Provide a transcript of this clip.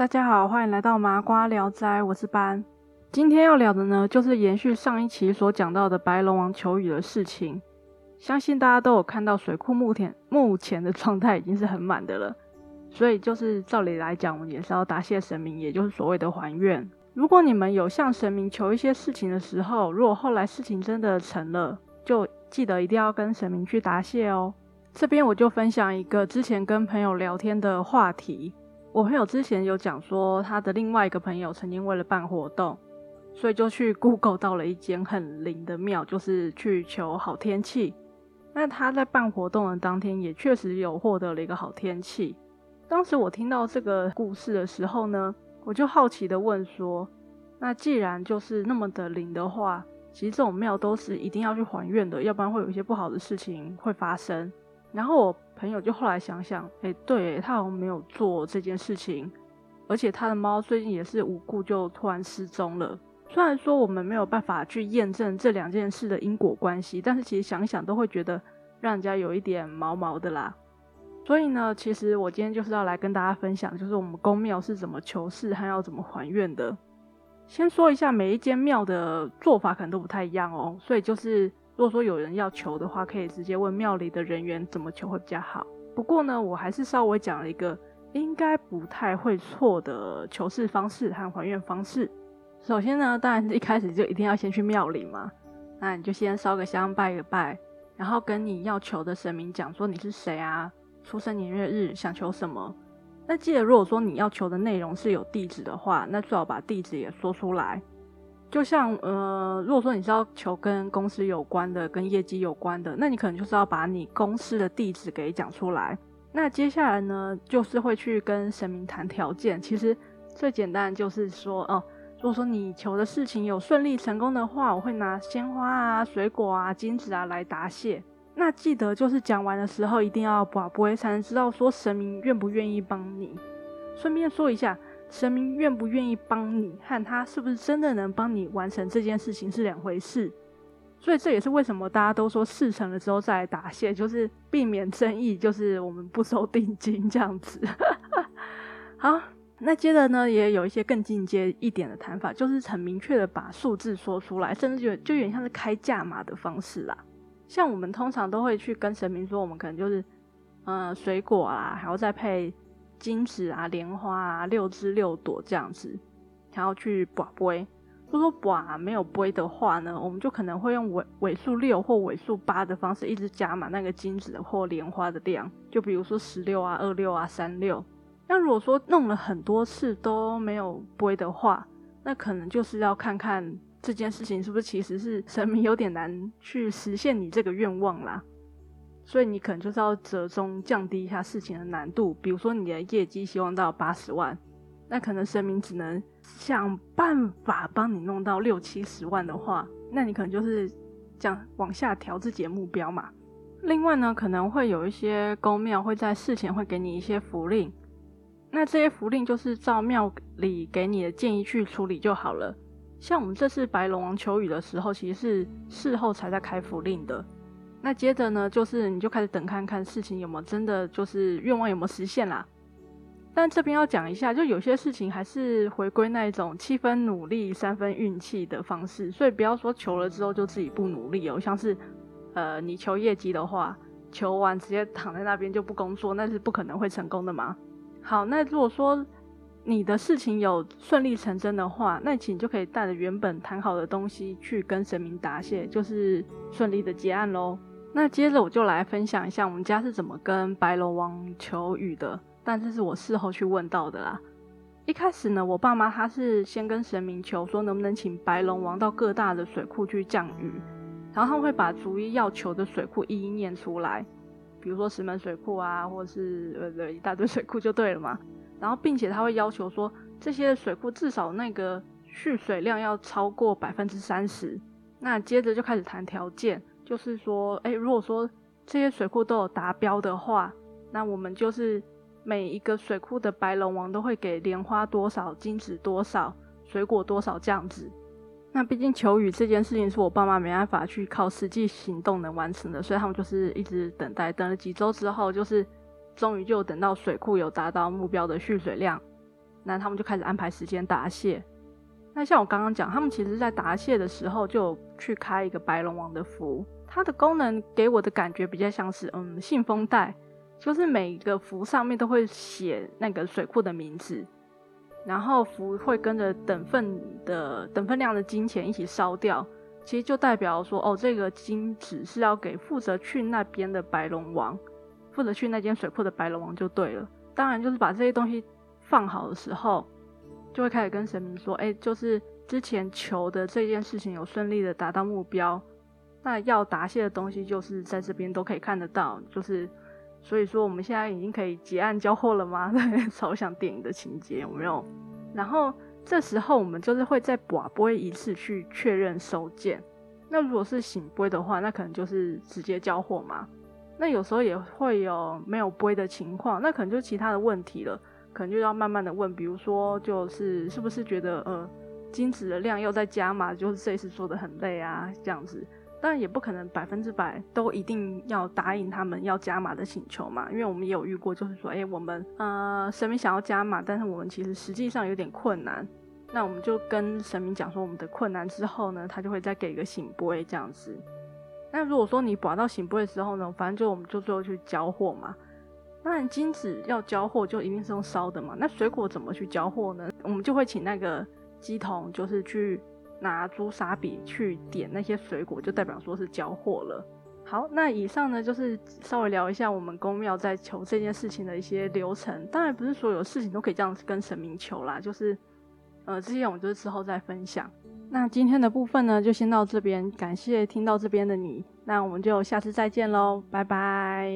大家好，歡迎來到麻瓜聊齋，我是班。今天要聊的呢，就是延續上一期所講到的白龍王求雨的事情。相信大家都有看到水庫目前目前的狀態已經是很滿的了，所以就是照理來講，我們也是要答謝神明，也就是所謂的還願。如果你們有向神明求一些事情的時候，如果後來事情真的成了，就記得一定要跟神明去答謝哦。這邊我就分享一個之前跟朋友聊天的話題。我朋友之前有講說，他的另外一個朋友曾經為了辦活動，所以就去 Google 到了一間很靈的廟，就是去求好天氣。那他在辦活動的當天，也確實有獲得了一個好天氣。當時我聽到這個故事的時候呢，我就好奇地問說：“那既然就是那麼的靈的話，其實這種廟都是一定要去還願的，要不然會有一些不好的事情會發生。”然後我。朋友就後來想想，誒、欸，對，他好像沒有做這件事情，而且他的貓最近也是無故就突然失蹤了。雖然說我們沒有辦法去驗證這兩件事的因果關係，但是其實想想都會覺得讓人家有一點毛毛的啦。所以呢，其實我今天就是要來跟大家分享，就是我們宮廟是怎麼求事，還要怎麼還願的。先說一下，每一間廟的做法可能都不太一樣哦、喔，所以就是。如果說有人要求的話，可以直接問廟裡的人員怎麼求會比較好。不過呢，我還是稍微講了一個應該不太會錯的求事方式和還願方式。首先呢，當然是一開始就一定要先去廟裡嘛。那你就先燒個香拜個拜，然後跟你要求的神明講說你是誰啊，出生年月日，想求什麼。那記得如果說你要求的內容是有地址的話，那最好把地址也說出來。就像呃，如果說你是要求跟公司有關的、跟業績有關的，那你可能就是要把你公司的地址給講出來。那接下來呢，就是會去跟神明談條件。其實最簡單就是說，哦、嗯，如果說你求的事情有順利成功的話，我會拿鮮花啊、水果啊、金子啊來答謝。那記得就是講完的時候一定要跋杯，才能知道說神明願不願意幫你。順便說一下。神明願不願意幫你，和他是不是真的能幫你完成這件事情是兩回事，所以這也是為什麼大家都說事成了之後再來答謝，就是避免爭議，就是我們不收定金這樣子。 好，那接着呢，也有一些更進階一點的談法，就是很明確的把數字說出來，甚至就就有點像是開價碼的方式啦。像我們通常都會去跟神明說，我們可能就是，嗯、呃，水果啦，還要再配。金紙啊，蓮花啊，六支六朵這樣子，然後去跋杯。如果跋沒有杯的話呢，我們就可能會用尾尾數六或尾數八的方式一直加滿那個金紙或蓮花的量，就比如說十六啊、二六啊、三六。那如果說弄了很多次都沒有杯的話，那可能就是要看看這件事情是不是其實是神明有點難去實現你這個願望啦。所以你可能就是要折中降低一下事情的難度，比如說你的業績希望到八十萬，那可能神明只能想辦法幫你弄到六七十萬的話，那你可能就是講往下調自己的目標嘛。另外呢，可能會有一些宮廟會在事前會給你一些符令，那這些符令就是照廟裡給你的建議去處理就好了。像我們這次白龍王求雨的時候，其實是事後才在開符令的。那接着呢，就是你就開始等看看，看事情有沒有真的，就是願望有沒有實現啦。但這邊要講一下，就有些事情還是回歸那一種七分努力、三分運氣的方式，所以不要說求了之後就自己不努力喔。像是，呃，你求業績的話，求完直接躺在那邊就不工作，那是不可能會成功的嘛。好，那如果說你的事情有順利成真的話，那請就可以帶着原本談好的東西去跟神明答謝，就是順利的結案嘍。那接着我就來分享一下我們家是怎麼跟白龍王求雨的，但這是我事後去問到的啦。一開始呢，我爸媽他是先跟神明求說，能不能請白龍王到各大的水庫去降雨，然後他們會把逐一要求的水庫一一念出來，比如說石門水庫啊，或者是呃一大堆水庫就對了嘛。然後並且他會要求說，這些水庫至少那個蓄水量要超過百分之三十。那接着就開始談條件。就是說，誒、欸，如果說這些水庫都有達標的話，那我們就是每一個水庫的白龍王都會給蓮花多少金紙、多少水果、多少這樣子。那畢竟求雨這件事情是我爸媽沒辦法去靠實際行動能完成的，所以他們就是一直等待，等了幾周之後，就是終於就等到水庫有達到目標的蓄水量，那他們就開始安排時間答謝。那像我剛剛講，他們其實，在答謝的時候就有去開一個白龍王的符。它的功能給我的感覺比較像是，嗯，信封袋，就是每一個符上面都會寫那個水庫的名字，然後符會跟着等份的等份量的金錢一起燒掉，其實就代表說，哦，這個金紙是要給負責去那邊的白龍王，負責去那間水庫的白龍王就對了。當然，就是把這些東西放好的時候，就會開始跟神明說，哎，就是之前求的這件事情有順利的達到目標。那要答謝的東西就是在這邊都可以看得到，就是所以說我們現在已經可以結案交貨了嗎？ 超像電影的情節有沒有？然後這時候我們就是會再跋杯一次去確認收件。那如果是聖杯的話，那可能就是直接交貨嘛。那有時候也會有沒有杯的情況，那可能就其他的問題了，可能就要慢慢的問，比如說就是是不是覺得呃金紙的量又在加嘛？就是這次做得很累啊這樣子。但也不可能百分之百都一定要答應他們要加碼的請求嘛，因為我們也有遇過，就是說，誒、欸，我們呃神明想要加碼，但是我們其實實際上有點困難，那我們就跟神明講說我們的困難之後呢，他就會再給一個聖杯這樣子。那如果說你拔到聖杯的時候呢，反正就我們就最後去交貨嘛。當然金子要交貨就一定是用燒的嘛，那水果怎麼去交貨呢？我們就會請那個乩童就是去。拿朱砂筆去點那些水果，就代表說是交貨了。好，那以上呢，就是稍微聊一下我們宮廟在求這件事情的一些流程。當然不是所有事情都可以這樣子跟神明求啦，就是呃這些我們就是之後再分享。那今天的部分呢，就先到這邊，感謝聽到這邊的你，那我們就下次再見嘍，拜拜。